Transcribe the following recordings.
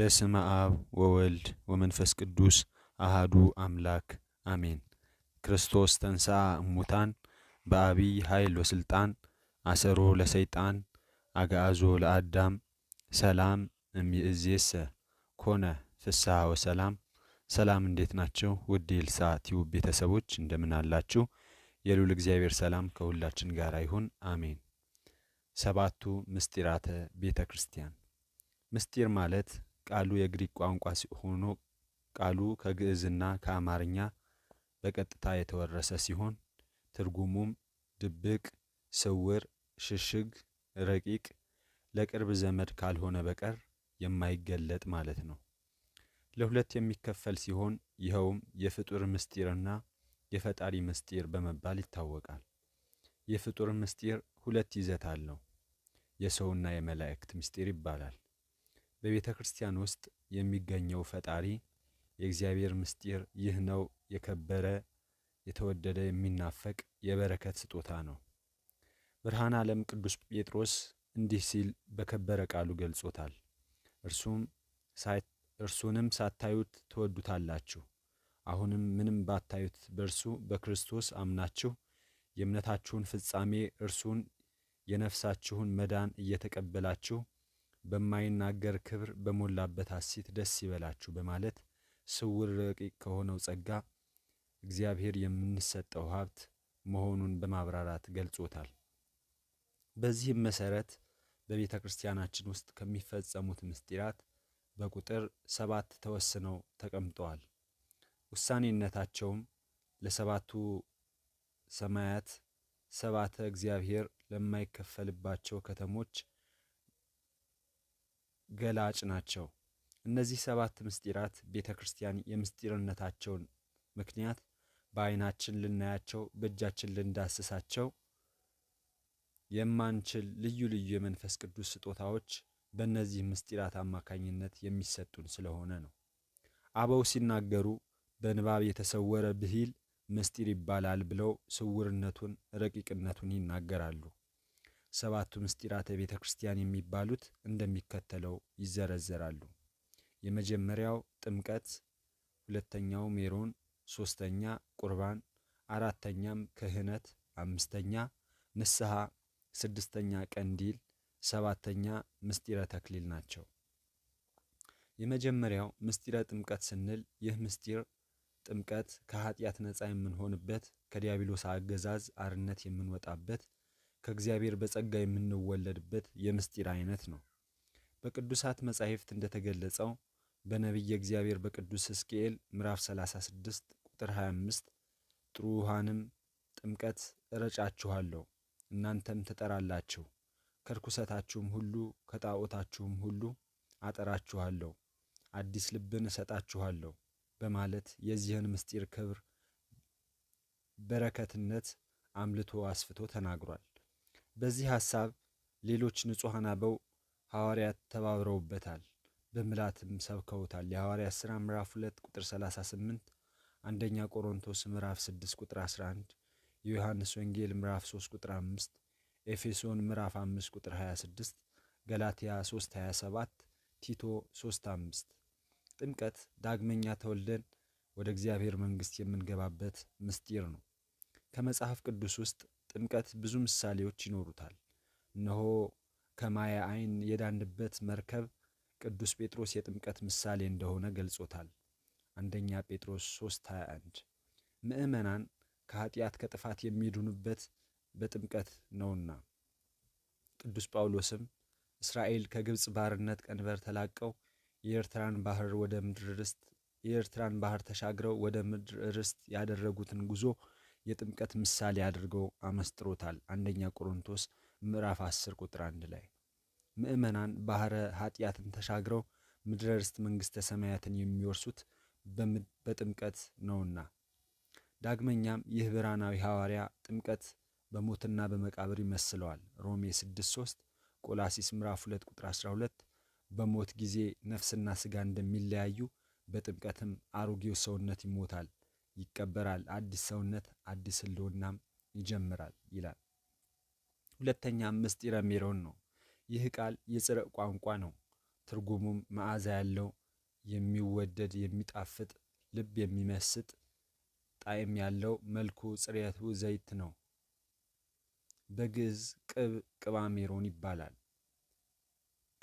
በስመ አብ ወወልድ ወመንፈስ ቅዱስ አሃዱ አምላክ አሜን። ክርስቶስ ተንሥአ እሙታን በአቢይ ኃይል ወስልጣን አሰሮ ለሰይጣን አግዓዞ ለአዳም ሰላም እምይእዜሰ ኮነ ፍስሐ ወሰላም። ሰላም እንዴት ናቸው? ውድ የልሳ ቲዩብ ቤተሰቦች እንደምን አላችሁ? የሉል እግዚአብሔር ሰላም ከሁላችን ጋር ይሁን አሜን። ሰባቱ ምስጢራተ ቤተ ክርስቲያን ምስጢር ማለት ቃሉ የግሪክ ቋንቋ ሆኖ ቃሉ ከግዕዝና ከአማርኛ በቀጥታ የተወረሰ ሲሆን ትርጉሙም ድብቅ፣ ስውር፣ ሽሽግ፣ ረቂቅ፣ ለቅርብ ዘመድ ካልሆነ በቀር የማይገለጥ ማለት ነው። ለሁለት የሚከፈል ሲሆን ይኸውም የፍጡር ምስጢርና የፈጣሪ ምስጢር በመባል ይታወቃል። የፍጡር ምስጢር ሁለት ይዘት አለው። የሰውና የመላእክት ምስጢር ይባላል። በቤተ ክርስቲያን ውስጥ የሚገኘው ፈጣሪ የእግዚአብሔር ምስጢር ይህ ነው። የከበረ የተወደደ የሚናፈቅ የበረከት ስጦታ ነው። ብርሃን ዓለም ቅዱስ ጴጥሮስ እንዲህ ሲል በከበረ ቃሉ ገልጾታል። እርሱም እርሱንም ሳታዩት ትወዱታላችሁ፣ አሁንም ምንም ባታዩት በእርሱ በክርስቶስ አምናችሁ የእምነታችሁን ፍጻሜ እርሱን የነፍሳችሁን መዳን እየተቀበላችሁ በማይናገር ክብር በሞላበት ሐሴት ደስ ይበላችሁ በማለት ስውር ረቂቅ ከሆነው ጸጋ እግዚአብሔር የምንሰጠው ሀብት መሆኑን በማብራራት ገልጾታል። በዚህም መሰረት በቤተ ክርስቲያናችን ውስጥ ከሚፈጸሙት ምስጢራት በቁጥር ሰባት ተወስነው ተቀምጠዋል። ውሳኔነታቸውም ለሰባቱ ሰማያት ሰባተ እግዚአብሔር ለማይከፈልባቸው ከተሞች ገላጭ ናቸው። እነዚህ ሰባት ምስጢራት ቤተ ክርስቲያን የምስጢርነታቸውን ምክንያት በዓይናችን ልናያቸው በእጃችን ልንዳስሳቸው የማንችል ልዩ ልዩ የመንፈስ ቅዱስ ስጦታዎች በእነዚህ ምስጢራት አማካኝነት የሚሰጡን ስለሆነ ነው። አበው ሲናገሩ በንባብ የተሰወረ ብሂል ምስጢር ይባላል ብለው ስውርነቱን፣ ረቂቅነቱን ይናገራሉ። ሰባቱ ምስጢራተ ቤተ ክርስቲያን የሚባሉት እንደሚከተለው ይዘረዘራሉ። የመጀመሪያው ጥምቀት፣ ሁለተኛው ሜሮን፣ ሶስተኛ ቁርባን፣ አራተኛም ክህነት፣ አምስተኛ ንስሐ፣ ስድስተኛ ቀንዲል፣ ሰባተኛ ምስጢረ ተክሊል ናቸው። የመጀመሪያው ምስጢረ ጥምቀት ስንል ይህ ምስጢር ጥምቀት ከኃጢአት ነፃ የምንሆንበት ከዲያብሎስ አገዛዝ አርነት የምንወጣበት ከእግዚአብሔር በጸጋ የምንወለድበት የምስጢር አይነት ነው። በቅዱሳት መጻሕፍት እንደተገለጸው በነቢየ እግዚአብሔር በቅዱስ ሕዝቅኤል ምዕራፍ 36 ቁጥር 25 ጥሩ ውሃንም ጥምቀት እረጫችኋለሁ እናንተም ትጠራላችሁ ከርኩሰታችሁም ሁሉ ከጣዖታችሁም ሁሉ አጠራችኋለሁ አዲስ ልብን እሰጣችኋለሁ በማለት የዚህን ምስጢር ክብር በረከትነት አምልቶ አስፍቶ ተናግሯል። በዚህ ሐሳብ ሌሎች ንጹሐን አበው ሐዋርያት ተባብረውበታል፣ በምላትም ሰብከውታል። የሐዋርያት ሥራ ምዕራፍ 2 ቁጥር 38፣ አንደኛ ቆሮንቶስ ምዕራፍ 6 ቁጥር 11፣ የዮሐንስ ወንጌል ምዕራፍ 3 ቁጥር 5፣ ኤፌሶን ምዕራፍ 5 ቁጥር 26፣ ገላትያ 3 27፣ ቲቶ 3 5። ጥምቀት ዳግመኛ ተወልደን ወደ እግዚአብሔር መንግሥት የምንገባበት ምስጢር ነው። ከመጽሐፍ ቅዱስ ውስጥ ጥምቀት ብዙ ምሳሌዎች ይኖሩታል። እነሆ ከማየ ዓይን የዳንበት መርከብ ቅዱስ ጴጥሮስ የጥምቀት ምሳሌ እንደሆነ ገልጾታል። አንደኛ ጴጥሮስ 3:21 ምዕመናን ከኃጢአት ከጥፋት የሚድኑበት በጥምቀት ነውና። ቅዱስ ጳውሎስም እስራኤል ከግብፅ ባርነት ቀንበር ተላቀው የኤርትራን ባህር ወደ ምድር ርስት የኤርትራን ባህር ተሻግረው ወደ ምድር ርስት ያደረጉትን ጉዞ የጥምቀት ምሳሌ አድርገው አመስጥሮታል። አንደኛ ቆሮንቶስ ምዕራፍ 10 ቁጥር 1 ላይ ምዕመናን ባህረ ኃጢአትን ተሻግረው ምድረ ርስት መንግሥተ ሰማያትን የሚወርሱት በጥምቀት ነውና። ዳግመኛም ይህ ብርሃናዊ ሐዋርያ ጥምቀት በሞትና በመቃብር ይመስለዋል። ሮሜ 6፥3 ቆላሲስ ምዕራፍ 2 ቁጥር 12 በሞት ጊዜ ነፍስና ሥጋ እንደሚለያዩ በጥምቀትም አሮጌው ሰውነት ይሞታል ይቀበራል፣ አዲስ ሰውነት አዲስ ህልውናም ይጀምራል ይላል። ሁለተኛ ምስጢረ ሜሮን ነው። ይህ ቃል የጽርዕ ቋንቋ ነው። ትርጉሙም መዓዛ ያለው የሚወደድ የሚጣፍጥ ልብ የሚመስጥ ጣዕም ያለው መልኩ ጽሬቱ ዘይት ነው። በግዕዝ ቅብ ቅባሜሮን ይባላል።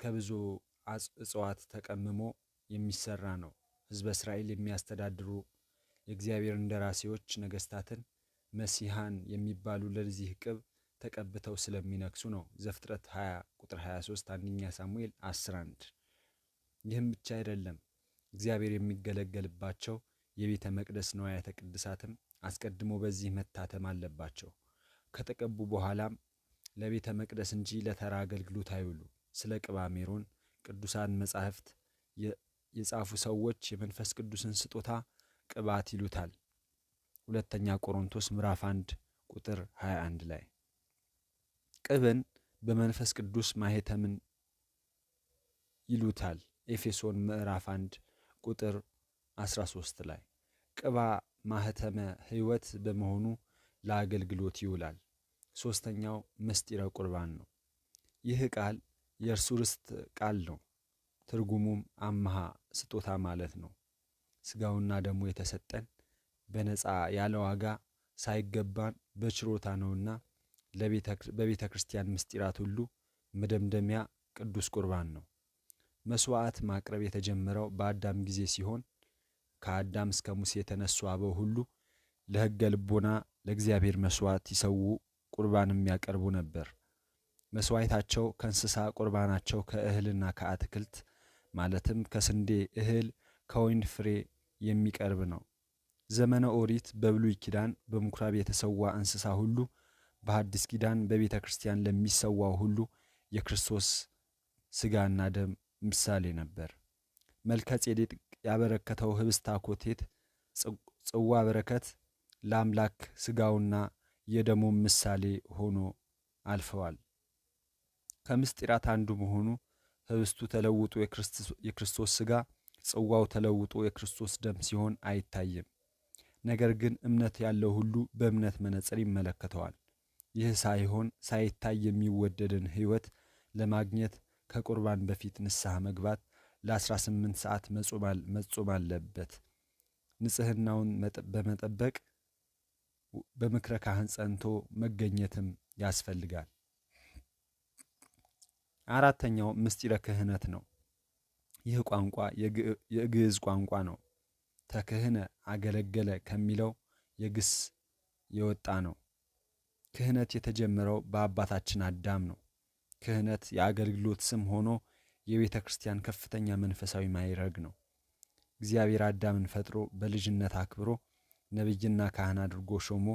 ከብዙ እጽዋት ተቀምሞ የሚሰራ ነው። ህዝበ እስራኤል የሚያስተዳድሩ የእግዚአብሔር እንደራሴዎች ነገስታትን መሲሃን የሚባሉ ለዚህ ቅብ ተቀብተው ስለሚነግሱ ነው። ዘፍጥረት 20 ቁጥር 23፣ አንደኛ ሳሙኤል 11። ይህም ብቻ አይደለም። እግዚአብሔር የሚገለገልባቸው የቤተ መቅደስ ንዋያተ ቅድሳትም አስቀድሞ በዚህ መታተም አለባቸው። ከተቀቡ በኋላም ለቤተ መቅደስ እንጂ ለተራ አገልግሎት አይውሉ። ስለ ቅባ ሜሮን ቅዱሳን መጻሕፍት የጻፉ ሰዎች የመንፈስ ቅዱስን ስጦታ ቅባት ይሉታል። ሁለተኛ ቆሮንቶስ ምዕራፍ 1 ቁጥር 21 ላይ ቅብን በመንፈስ ቅዱስ ማህተምን ይሉታል። ኤፌሶን ምዕራፍ 1 ቁጥር 13 ላይ ቅባ ማህተመ ሕይወት በመሆኑ ለአገልግሎት ይውላል። ሦስተኛው ምስጢረ ቁርባን ነው። ይህ ቃል የእርሱ ርስት ቃል ነው። ትርጉሙም አምሃ ስጦታ ማለት ነው። ስጋውና ደሙ የተሰጠን በነፃ ያለ ዋጋ ሳይገባን በችሮታ ነውና በቤተ ክርስቲያን ምስጢራት ሁሉ መደምደሚያ ቅዱስ ቁርባን ነው። መስዋዕት ማቅረብ የተጀመረው በአዳም ጊዜ ሲሆን ከአዳም እስከ ሙሴ የተነሱ አበው ሁሉ ለሕገ ልቦና ለእግዚአብሔር መስዋዕት ይሰዉ ቁርባን የሚያቀርቡ ነበር። መስዋዕታቸው ከእንስሳ ቁርባናቸው ከእህልና ከአትክልት ማለትም ከስንዴ እህል ከወይን ፍሬ የሚቀርብ ነው። ዘመነ ኦሪት በብሉይ ኪዳን በምኩራብ የተሰዋ እንስሳ ሁሉ በሐዲስ ኪዳን በቤተ ክርስቲያን ለሚሰዋው ሁሉ የክርስቶስ ሥጋና ደም ምሳሌ ነበር። መልከ ጼዴቅ ያበረከተው ህብስተ አኮቴት ጽዋ በረከት ለአምላክ ሥጋውና የደሙም ምሳሌ ሆኖ አልፈዋል። ከምስጢራት አንዱ መሆኑ ህብስቱ ተለውጦ የክርስቶስ ሥጋ ጽዋው ተለውጦ የክርስቶስ ደም ሲሆን አይታይም። ነገር ግን እምነት ያለው ሁሉ በእምነት መነጽር ይመለከተዋል። ይህ ሳይሆን ሳይታይ የሚወደድን ሕይወት ለማግኘት ከቁርባን በፊት ንስሐ መግባት ለ18 ሰዓት መጾም አለበት። ንጽህናውን በመጠበቅ በምክረ ካህን ጸንቶ መገኘትም ያስፈልጋል። አራተኛው ምስጢረ ክህነት ነው። ይህ ቋንቋ የግዕዝ ቋንቋ ነው። ተክህነ አገለገለ ከሚለው የግስ የወጣ ነው። ክህነት የተጀመረው በአባታችን አዳም ነው። ክህነት የአገልግሎት ስም ሆኖ የቤተ ክርስቲያን ከፍተኛ መንፈሳዊ ማይረግ ነው። እግዚአብሔር አዳምን ፈጥሮ በልጅነት አክብሮ ነቢይና ካህን አድርጎ ሾሞ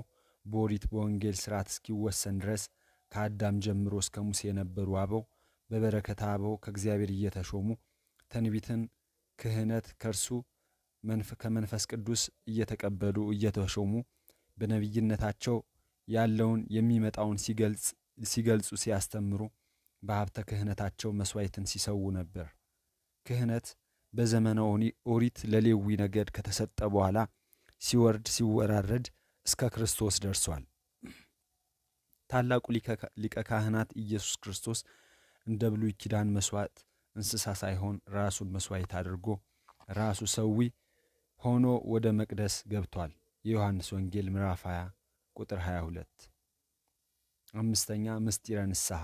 በኦሪት በወንጌል ስርዓት እስኪወሰን ድረስ ከአዳም ጀምሮ እስከ ሙሴ የነበሩ አበው በበረከት አበው ከእግዚአብሔር እየተሾሙ ትንቢትን፣ ክህነት ከእርሱ ከመንፈስ ቅዱስ እየተቀበሉ እየተሾሙ በነቢይነታቸው ያለውን የሚመጣውን ሲገልጹ ሲያስተምሩ በሀብተ ክህነታቸው መስዋዕትን ሲሰዉ ነበር። ክህነት በዘመነ ኦሪት ለሌዊ ነገድ ከተሰጠ በኋላ ሲወርድ ሲወራረድ እስከ ክርስቶስ ደርሷል። ታላቁ ሊቀ ካህናት ኢየሱስ ክርስቶስ እንደ ብሉይ ኪዳን መስዋዕት እንስሳ ሳይሆን ራሱን መስዋዕት አድርጎ ራሱ ሰዊ ሆኖ ወደ መቅደስ ገብቷል። የዮሐንስ ወንጌል ምዕራፍ 20 ቁጥር 22። አምስተኛ ምስጢረ ንስሐ።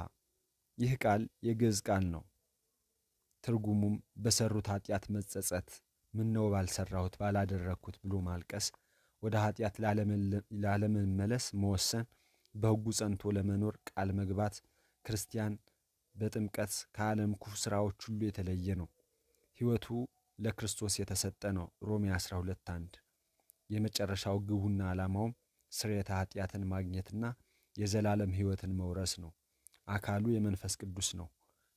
ይህ ቃል የግዕዝ ቃል ነው። ትርጉሙም በሰሩት ኃጢአት መጸጸት፣ ምነው ባልሰራሁት ባላደረግኩት ብሎ ማልቀስ፣ ወደ ኃጢአት ላለመመለስ መወሰን፣ በሕጉ ጸንቶ ለመኖር ቃል መግባት፣ ክርስቲያን በጥምቀት ከዓለም ክፉ ሥራዎች ሁሉ የተለየ ነው። ሕይወቱ ለክርስቶስ የተሰጠ ነው። ሮሜ 12 1 የመጨረሻው ግቡና ዓላማውም ስርየተ ኃጢአትን ማግኘትና የዘላለም ሕይወትን መውረስ ነው። አካሉ የመንፈስ ቅዱስ ነው።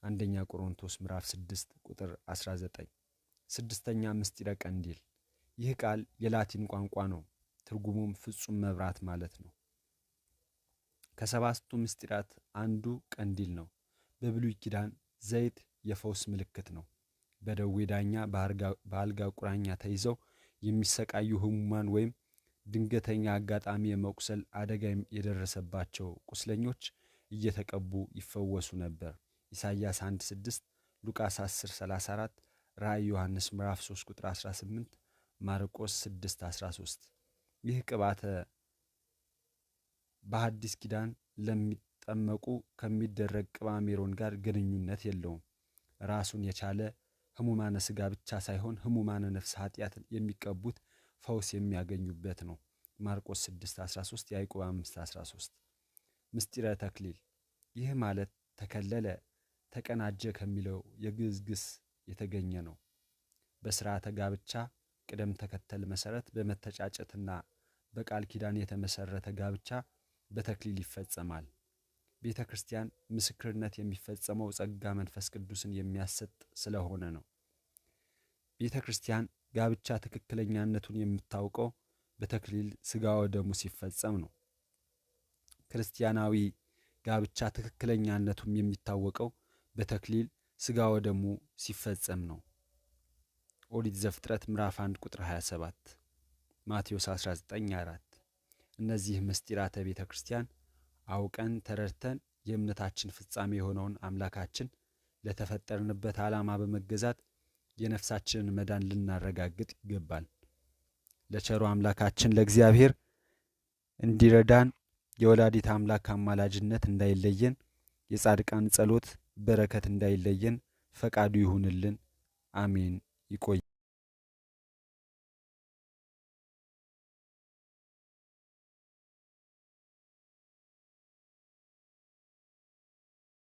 አንደኛ ቆሮንቶስ ምዕራፍ 6 ቁጥር 19። ስድስተኛ ምስጢረ ቀንዲል። ይህ ቃል የላቲን ቋንቋ ነው። ትርጉሙም ፍጹም መብራት ማለት ነው። ከሰባቱ ምስጢራት አንዱ ቀንዲል ነው። በብሉይ ኪዳን ዘይት የፈውስ ምልክት ነው። በደዌ ዳኛ በአልጋ ቁራኛ ተይዘው የሚሰቃዩ ህሙማን ወይም ድንገተኛ አጋጣሚ የመቁሰል አደጋ የደረሰባቸው ቁስለኞች እየተቀቡ ይፈወሱ ነበር። ኢሳይያስ 1:6፣ ሉቃስ 10:34፣ ራእይ ዮሐንስ ምዕራፍ 3 ቁጥር 18፣ ማርቆስ 6:13 ይህ ቅባተ በሐዲስ ኪዳን ለሚ ሲጠመቁ ከሚደረግ ቅባሜሮን ጋር ግንኙነት የለውም። ራሱን የቻለ ህሙማነ ስጋ ብቻ ሳይሆን ህሙማነ ነፍስ ኃጢአት የሚቀቡት ፈውስ የሚያገኙበት ነው። ማርቆስ 6:13 ያዕቆብ 5:13 ምስጢረ ተክሊል ይህ ማለት ተከለለ፣ ተቀናጀ ከሚለው የግዕዝ ግስ የተገኘ ነው። በስርዓተ ጋብቻ ቅደም ተከተል መሰረት በመተጫጨትና በቃል ኪዳን የተመሰረተ ጋብቻ በተክሊል ይፈጸማል። ቤተ ክርስቲያን ምስክርነት የሚፈጸመው ጸጋ መንፈስ ቅዱስን የሚያሰጥ ስለሆነ ነው። ቤተ ክርስቲያን ጋብቻ ትክክለኛነቱን የምታውቀው በተክሊል ሥጋ ወደሙ ሲፈጸም ነው። ክርስቲያናዊ ጋብቻ ትክክለኛነቱም የሚታወቀው በተክሊል ሥጋ ወደሙ ሲፈጸም ነው። ኦሪት ዘፍጥረት ምዕራፍ 1 ቁጥር 27፣ ማቴዎስ 19 4 እነዚህ ምስጢራተ ቤተ ክርስቲያን አውቀን ተረድተን የእምነታችን ፍጻሜ የሆነውን አምላካችን ለተፈጠርንበት ዓላማ በመገዛት የነፍሳችንን መዳን ልናረጋግጥ ይገባል። ለቸሩ አምላካችን ለእግዚአብሔር እንዲረዳን የወላዲት አምላክ አማላጅነት እንዳይለየን፣ የጻድቃን ጸሎት በረከት እንዳይለየን ፈቃዱ ይሁንልን። አሜን። ይቆይ